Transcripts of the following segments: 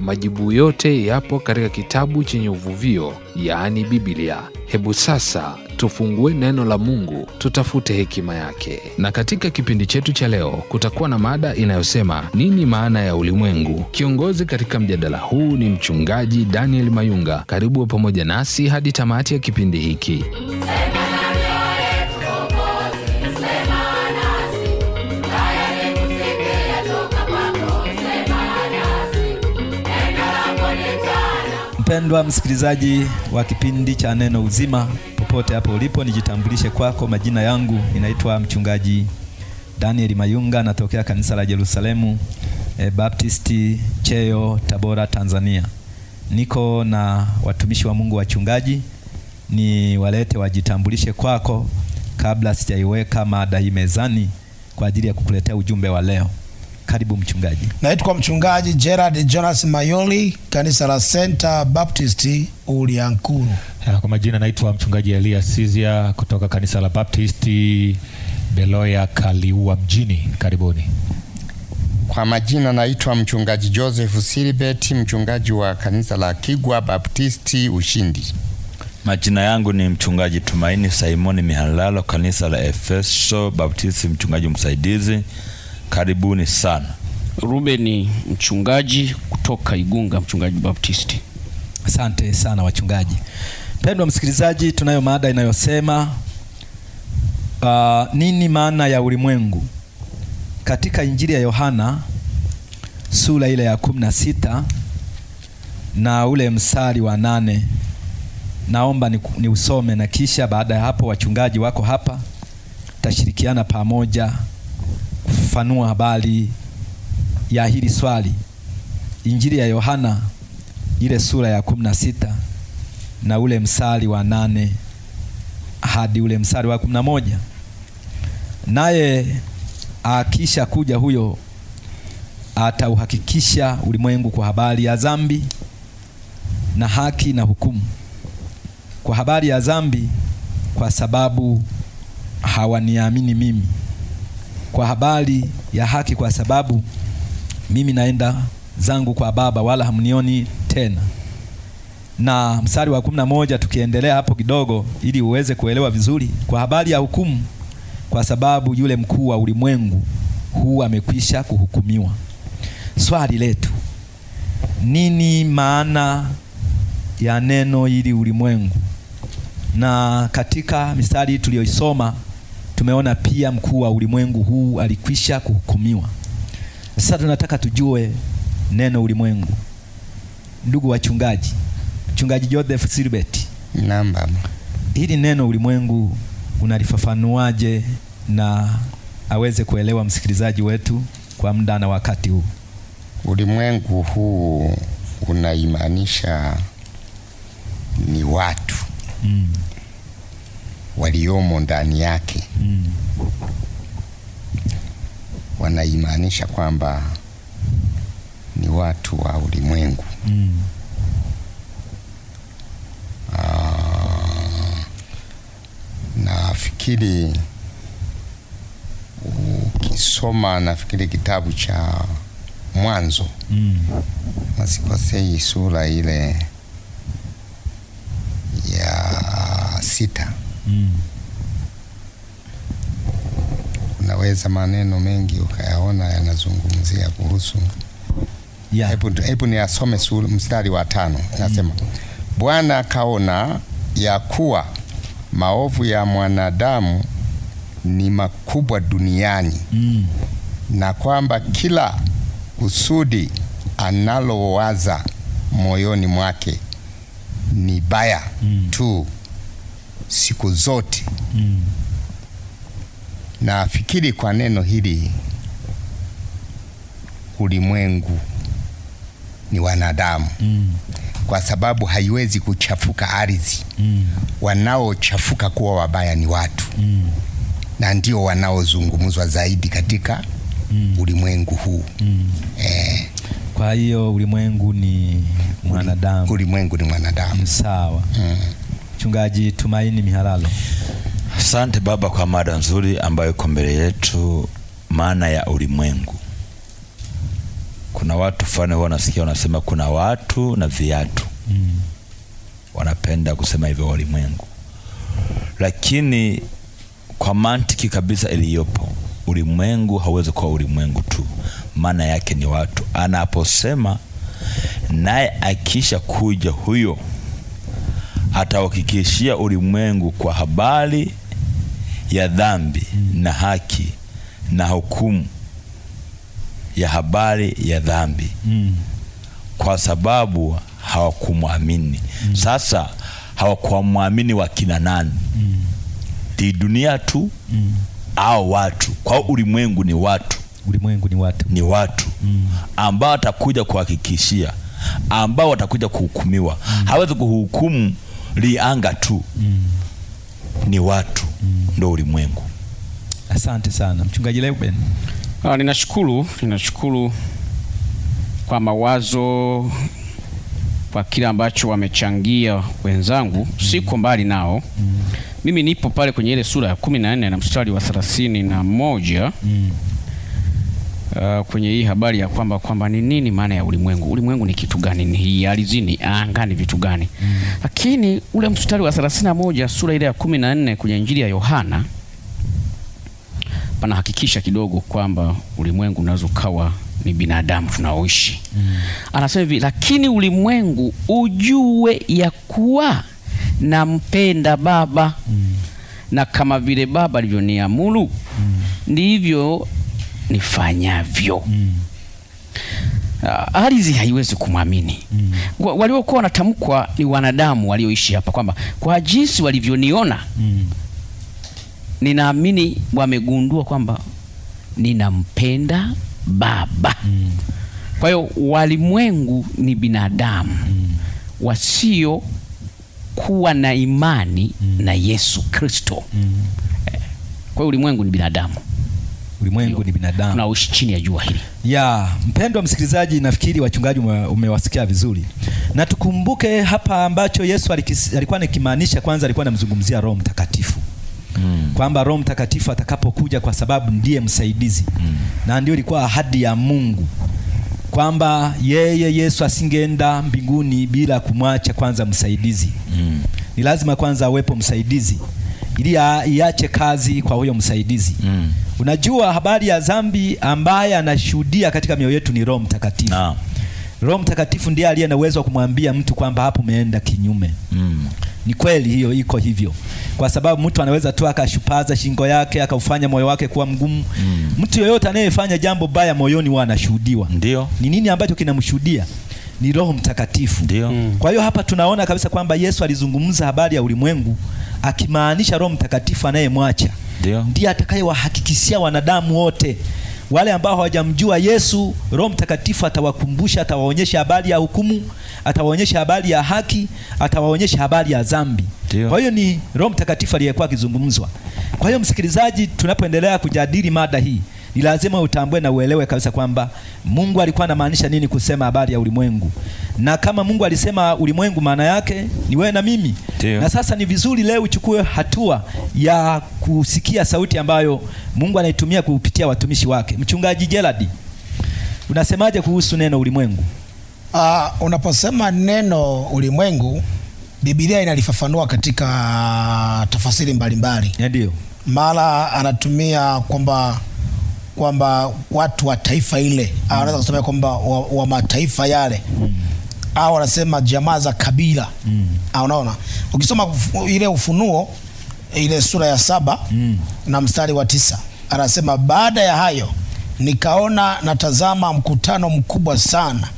Majibu yote yapo katika kitabu chenye uvuvio, yaani Biblia. Hebu sasa tufungue neno la Mungu, tutafute hekima yake. Na katika kipindi chetu cha leo kutakuwa na mada inayosema nini maana ya ulimwengu. Kiongozi katika mjadala huu ni mchungaji Daniel Mayunga. Karibu pamoja nasi hadi tamati ya kipindi hiki. Mpendwa msikilizaji wa kipindi cha Neno Uzima, popote hapo ulipo, nijitambulishe kwako. Majina yangu ninaitwa mchungaji Daniel Mayunga, natokea kanisa la Yerusalemu e, eh, Baptisti Cheyo, Tabora, Tanzania. Niko na watumishi wa Mungu wachungaji, ni walete wajitambulishe kwako kabla sijaiweka mada hii mezani kwa ajili ya kukuletea ujumbe wa leo. Karibu mchungaji. Naitwa mchungaji Gerard Jonas Mayoli, kanisa la Center Baptist Uliankuru. Eh, kwa majina naitwa mchungaji Elia Sizia kutoka kanisa la Baptist Beloya Kaliua mjini. Karibuni. Kwa majina naitwa mchungaji Joseph Silibeti, mchungaji wa kanisa la Kigwa Baptisti Ushindi. Majina yangu ni mchungaji Tumaini Simoni Mihalalo, kanisa la Efeso Baptisti, mchungaji msaidizi. Karibuni sana. ni mchungaji kutoka Igunga, mchungaji Baptisti. Asante sana wachungaji. Mpendwa msikilizaji, tunayo mada inayosema uh, nini maana ya ulimwengu? Katika Injili ya Yohana sura ile ya kumi na sita na ule msari wa nane naomba ni, ni usome na kisha baada ya hapo wachungaji wako hapa tashirikiana pamoja kufafanua habari ya hili swali. Injili ya Yohana ile sura ya kumi na sita na ule msali wa nane hadi ule msali wa kumi na moja naye akisha kuja huyo atauhakikisha ulimwengu kwa habari ya dhambi na haki na hukumu. Kwa habari ya dhambi, kwa sababu hawaniamini mimi kwa habari ya haki, kwa sababu mimi naenda zangu kwa Baba, wala hamnioni tena. Na mstari wa kumi na moja tukiendelea hapo kidogo, ili uweze kuelewa vizuri, kwa habari ya hukumu, kwa sababu yule mkuu wa ulimwengu huu amekwisha kuhukumiwa. Swali letu, nini maana ya neno ili ulimwengu? Na katika mistari tuliyoisoma tumeona pia mkuu wa ulimwengu huu alikwisha kuhukumiwa. Sasa tunataka tujue neno ulimwengu. Ndugu wachungaji, mchungaji Joseph Silbert, naam baba, hili neno ulimwengu unalifafanuaje na aweze kuelewa msikilizaji wetu kwa muda na wakati huu? Ulimwengu huu unaimanisha ni watu mm waliomo ndani yake mm. Wanaimaanisha kwamba ni watu wa ulimwengu mm. nafikiri ukisoma, nafikiri kitabu cha Mwanzo mm. Masikosei sura ile ya sita mm. Unaweza maneno mengi ukayaona yanazungumzia kuhusu yeah. Hebu, hebu ni asome mstari wa tano nasema mm. Bwana akaona ya kuwa maovu ya mwanadamu ni makubwa duniani mm. na kwamba kila kusudi analowaza moyoni mwake ni baya mm. tu siku zote mm. Nafikiri kwa neno hili ulimwengu ni wanadamu mm. Kwa sababu haiwezi kuchafuka ardhi mm. Wanaochafuka kuwa wabaya ni watu mm. Na ndio wanaozungumzwa zaidi katika mm. ulimwengu huu mm. Eh, kwa hiyo ulimwengu ni mwanadamu, ulimwengu ni mwanadamu sawa mm. Mchungaji Tumaini Mihalalo. Asante baba kwa mada nzuri ambayo iko mbele yetu, maana ya ulimwengu. Kuna watu fulani huwa nasikia wanasema kuna watu na viatu mm. wanapenda kusema hivyo ulimwengu, lakini kwa mantiki kabisa iliyopo ulimwengu hauwezi kuwa ulimwengu tu, maana yake ni watu. Anaposema naye akisha kuja huyo atawakikishia ulimwengu kwa habari ya dhambi na haki na hukumu ya habari ya dhambi mm. kwa sababu hawakumwamini mm. Sasa hawakuwamwamini wakina nani? Ni mm. dunia tu mm. au watu? Kwa ulimwengu ni watu, ulimwengu ni watu, ni watu mm. ambao watakuja kuhakikishia, ambao watakuja kuhukumiwa mm. hawezi kuhukumu lianga tu mm. ni watu mm. ndo ulimwengu. Asante sana Mchungaji Leuben. Ah, ninashukuru ninashukuru kwa mawazo kwa kile ambacho wamechangia wenzangu, mm. siko mbali nao mm. mimi nipo pale kwenye ile sura ya kumi na nne na mstari wa thelathini na moja mm. Uh, kwenye hii habari ya kwamba kwamba ni nini maana ya ulimwengu, ulimwengu ni kitu gani, ni hii alizini ni vitu gani mm. Lakini ule mstari wa 31 sura ile ya 14 kwenye Injili ya Yohana panahakikisha kidogo kwamba ulimwengu unaweza ukawa ni binadamu tunaoishi mm. Anasema hivi, lakini ulimwengu ujue ya kuwa nampenda Baba mm. na kama vile Baba alivyoniamuru mm. ndivyo nifanyavyo mm. ardhi ah, haiwezi kumwamini mm. Waliokuwa wanatamkwa ni wanadamu walioishi hapa kwamba kwa jinsi walivyoniona mm. Ninaamini wamegundua kwamba ninampenda Baba mm. Kwa hiyo walimwengu ni binadamu mm. wasio kuwa na imani mm. na Yesu Kristo mm. Eh, kwa hiyo ulimwengu ni binadamu ulimwengu ni binadamu, uishi chini ya jua hili. Ya mpendwa msikilizaji, nafikiri wachungaji umewasikia vizuri, na tukumbuke hapa ambacho Yesu alikis, alikuwa nikimaanisha. Kwanza alikuwa anamzungumzia Roho Mtakatifu Hmm. kwamba Roho Mtakatifu atakapokuja, kwa sababu ndiye msaidizi hmm. na ndio ilikuwa ahadi ya Mungu kwamba yeye Yesu asingeenda mbinguni bila kumwacha kwanza msaidizi hmm. Ni lazima kwanza awepo msaidizi ili iache kazi kwa huyo msaidizi hmm. Unajua habari ya dhambi ambaye anashuhudia katika mioyo yetu ni Roho Mtakatifu. Naam. Roho Mtakatifu ndiye aliye na uwezo wa kumwambia mtu kwamba hapo umeenda kinyume. Mm. Ni kweli hiyo iko hivyo, kwa sababu mtu anaweza tu akashupaza shingo yake akaufanya moyo wake kuwa mgumu. Mm. Mtu yoyote anayefanya jambo baya moyoni huwa anashuhudiwa. Ndio. Ni nini ambacho kinamshuhudia? Ni Roho Mtakatifu. Ndio. Mm. Kwa hiyo hapa tunaona kabisa kwamba Yesu alizungumza habari ya ulimwengu akimaanisha Roho Mtakatifu anayemwacha Mm ndiye atakayewahakikishia wanadamu wote wale ambao hawajamjua Yesu, Roho Mtakatifu atawakumbusha, atawaonyesha habari ya hukumu, atawaonyesha habari ya haki, atawaonyesha habari ya dhambi. Kwa hiyo ni Roho Mtakatifu aliyekuwa akizungumzwa. Kwa hiyo, msikilizaji, tunapoendelea kujadili mada hii ni lazima utambue na uelewe kabisa kwamba Mungu alikuwa anamaanisha nini kusema habari ya ulimwengu, na kama Mungu alisema ulimwengu, maana yake ni wewe na mimi Tio. Na sasa ni vizuri leo uchukue hatua ya kusikia sauti ambayo Mungu anaitumia kupitia watumishi wake. Mchungaji Gerald, unasemaje kuhusu neno ulimwengu? Uh, unaposema neno ulimwengu Biblia inalifafanua katika tafasiri mbalimbali, ndio mara anatumia kwamba kwamba watu wa taifa ile mm. Ah, anaweza kusema kwamba wa, wa mataifa yale mm. au wanasema jamaa za kabila mm. Ah, unaona, ukisoma ile Ufunuo ile sura ya saba mm. na mstari wa tisa anasema, baada ya hayo nikaona natazama mkutano mkubwa sana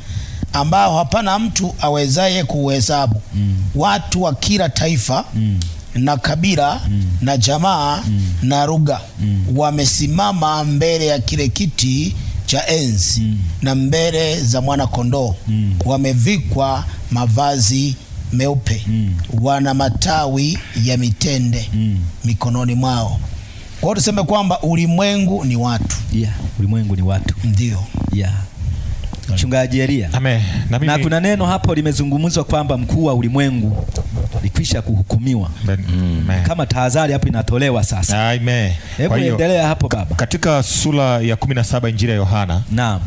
ambao hapana mtu awezaye kuuhesabu mm. watu wa kila taifa mm na kabila mm. na jamaa mm. na lugha mm. wamesimama mbele ya kile kiti cha enzi mm. na mbele za mwana kondoo mm. wamevikwa mavazi meupe mm. wana matawi ya mitende mm. mikononi mwao. Kwa hiyo tuseme kwamba ulimwengu ni watu yeah, ulimwengu ni watu ndio, yeah. Mchungaji Elia, na kuna neno hapo limezungumzwa kwamba mkuu wa ulimwengu alikwisha kuhukumiwa. Amen. Kama tahadhari hapo inatolewa sasa. Amen. Hebu endelea hapo baba. Katika sura ya 17 Injili ya Yohana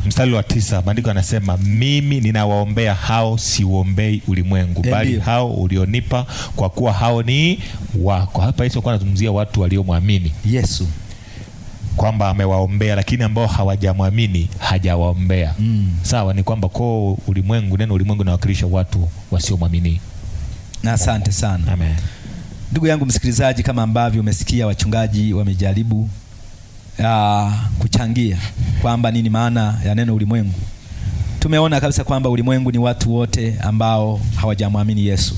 mstari wa tisa maandiko yanasema, mimi ninawaombea hao, siuombei ulimwengu, bali hao ulionipa, kwa kuwa hao ni wako. Hapa Yesu alikuwa anazungumzia watu waliomwamini Yesu kwamba amewaombea, lakini ambao hawajamwamini hajawaombea. Mm. Sawa, ni kwamba kwa ulimwengu, neno ulimwengu nawakilisha watu wasiomwamini na asante sana Amen. Ndugu yangu msikilizaji, kama ambavyo umesikia wachungaji wamejaribu uh, kuchangia kwamba nini maana ya neno ulimwengu. Tumeona kabisa kwamba ulimwengu ni watu wote ambao hawajamwamini Yesu.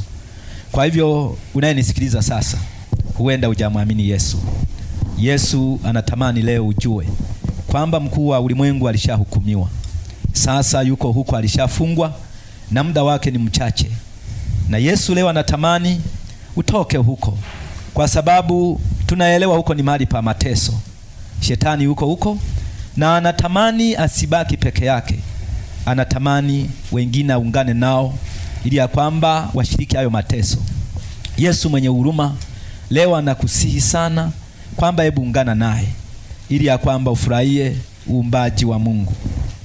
Kwa hivyo unayenisikiliza sasa, huenda hujamwamini Yesu. Yesu anatamani leo ujue kwamba mkuu wa ulimwengu alishahukumiwa, sasa yuko huko, alishafungwa na muda wake ni mchache. Na Yesu leo anatamani utoke huko, kwa sababu tunaelewa huko ni mahali pa mateso, shetani huko huko, na anatamani asibaki peke yake, anatamani wengine aungane nao ili ya kwamba washiriki hayo mateso. Yesu mwenye huruma leo anakusihi sana kwamba hebu ungana naye ili ya kwamba ufurahie uumbaji wa Mungu.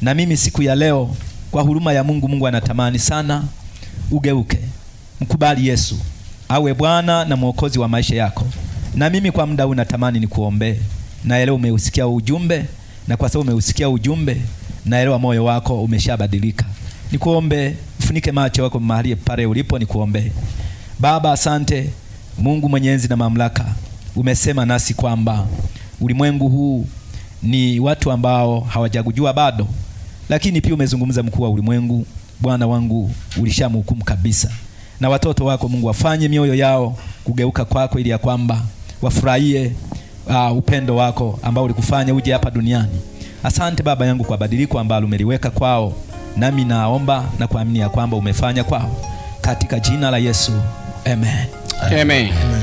Na mimi siku ya leo, kwa huruma ya Mungu, Mungu anatamani sana ugeuke. Mkubali Yesu awe Bwana na Mwokozi wa maisha yako. Na mimi kwa muda huu natamani nikuombee. Naelewa umeusikia ujumbe, na kwa sababu umeusikia ujumbe, naelewa moyo wako umeshabadilika. Nikuombe, ufunike macho yako mahali pale ulipo, nikuombe Baba, asante Mungu mwenyezi na mamlaka, umesema nasi kwamba ulimwengu huu ni watu ambao hawajagujua bado, lakini pia umezungumza mkuu wa ulimwengu, Bwana wangu ulishamhukumu kabisa na watoto wako Mungu, wafanye mioyo yao kugeuka kwako, ili ya kwamba wafurahie uh, upendo wako ambao ulikufanya uje hapa duniani. Asante Baba yangu kwa badiliko ambalo umeliweka kwao, nami naomba na kuamini ya kwamba umefanya kwao, katika jina la Yesu amen, amen. amen. amen.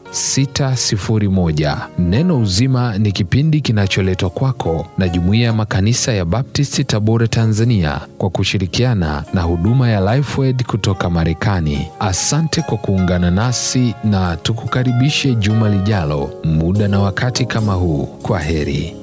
601. Neno Uzima ni kipindi kinacholetwa kwako na Jumuiya ya Makanisa ya Baptisti Tabora, Tanzania, kwa kushirikiana na huduma ya Lifewed kutoka Marekani. Asante kwa kuungana nasi na tukukaribishe juma lijalo, muda na wakati kama huu. Kwa heri.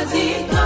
Azita.